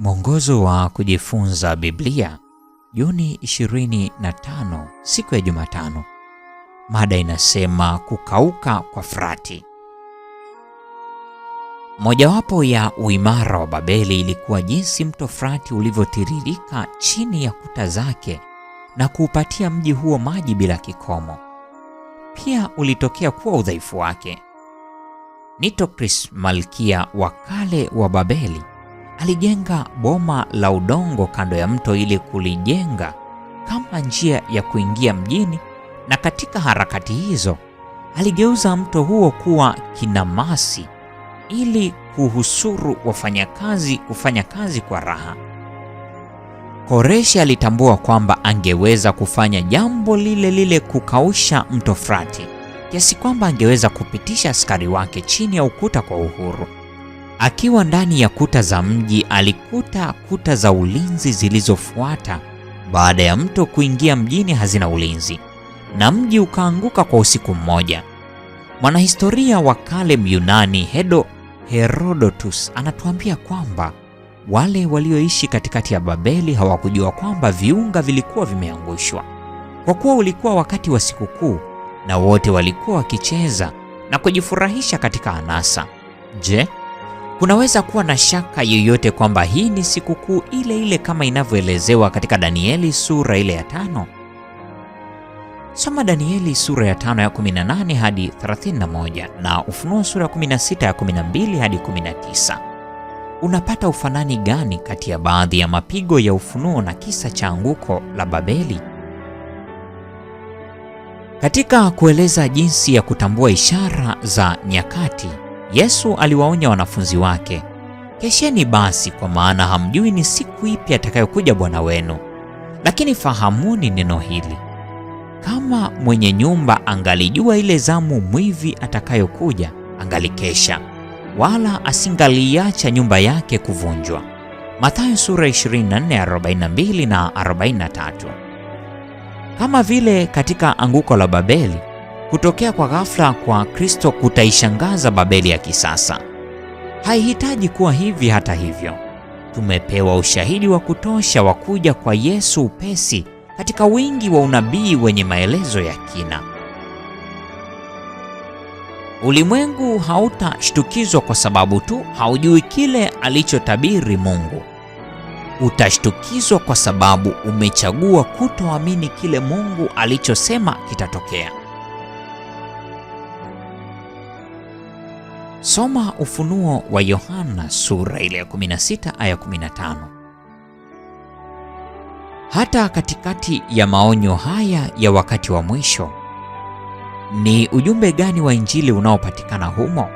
Mwongozo wa kujifunza Biblia, Juni 25, siku ya Jumatano. Mada inasema kukauka kwa Frati. Mojawapo ya uimara wa Babeli ilikuwa jinsi mto Frati ulivyotiririka chini ya kuta zake na kuupatia mji huo maji bila kikomo. Pia ulitokea kuwa udhaifu wake. Nitocris, malkia wa kale wa Babeli, alijenga boma la udongo kando ya mto ili kulijenga kama njia ya kuingia mjini, na katika harakati hizo aligeuza mto huo kuwa kinamasi ili kuhusuru wafanyakazi kufanya kazi kwa raha. Koreshi alitambua kwamba angeweza kufanya jambo lile lile kukausha mto Frati, kiasi kwamba angeweza kupitisha askari wake chini ya ukuta kwa uhuru. Akiwa ndani ya kuta za mji alikuta kuta za ulinzi zilizofuata baada ya mto kuingia mjini hazina ulinzi na mji ukaanguka kwa usiku mmoja. Mwanahistoria wa kale Myunani Hedo Herodotus anatuambia kwamba wale walioishi katikati ya Babeli hawakujua kwamba viunga vilikuwa vimeangushwa. Kwa kuwa ulikuwa wakati wa sikukuu na wote walikuwa wakicheza na kujifurahisha katika anasa. Je, Kunaweza kuwa na shaka yoyote kwamba hii ni sikukuu ile ile kama inavyoelezewa katika Danieli sura ile ya tano. Soma Danieli sura ya tano ya 18 hadi 31 na Ufunuo sura ya 16 ya 12 hadi 19. Unapata ufanani gani kati ya baadhi ya mapigo ya Ufunuo na kisa cha anguko la Babeli? Katika kueleza jinsi ya kutambua ishara za nyakati Yesu aliwaonya wanafunzi wake, kesheni basi, kwa maana hamjui ni siku ipi atakayokuja Bwana wenu. Lakini fahamuni neno hili, kama mwenye nyumba angalijua ile zamu mwivi atakayokuja, angalikesha wala asingaliacha nyumba yake kuvunjwa. Mathayo sura 24:42 na 43. Kama vile katika anguko la Babeli Kutokea kwa ghafla kwa Kristo kutaishangaza Babeli ya kisasa. Haihitaji kuwa hivi. Hata hivyo, tumepewa ushahidi wa kutosha wa kuja kwa Yesu upesi katika wingi wa unabii wenye maelezo ya kina. Ulimwengu hautashtukizwa kwa sababu tu haujui kile alichotabiri Mungu. Utashtukizwa kwa sababu umechagua kutoamini kile Mungu alichosema kitatokea. Soma Ufunuo wa Yohana sura ile ya 16 aya 15. Hata katikati ya maonyo haya ya wakati wa mwisho, ni ujumbe gani wa Injili unaopatikana humo?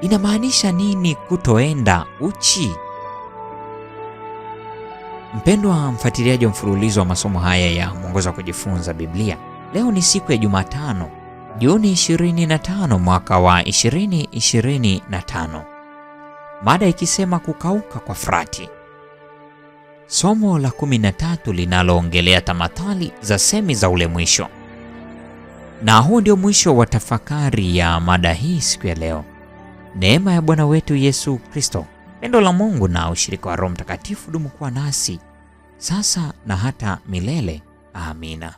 Inamaanisha nini kutoenda uchi? Mpendwa mfuatiliaji wa mfululizo wa masomo haya ya mwongozo wa kujifunza Biblia, leo ni siku ya Jumatano Juni 25 mwaka wa 2025, mada ikisema kukauka kwa Frati. Somo la 13 linaloongelea tamathali za semi za ule mwisho. Na huu ndio mwisho wa tafakari ya mada hii siku ya leo. Neema ya Bwana wetu Yesu Kristo, pendo la Mungu na ushirika wa Roho Mtakatifu dumu kuwa nasi sasa na hata milele. Amina.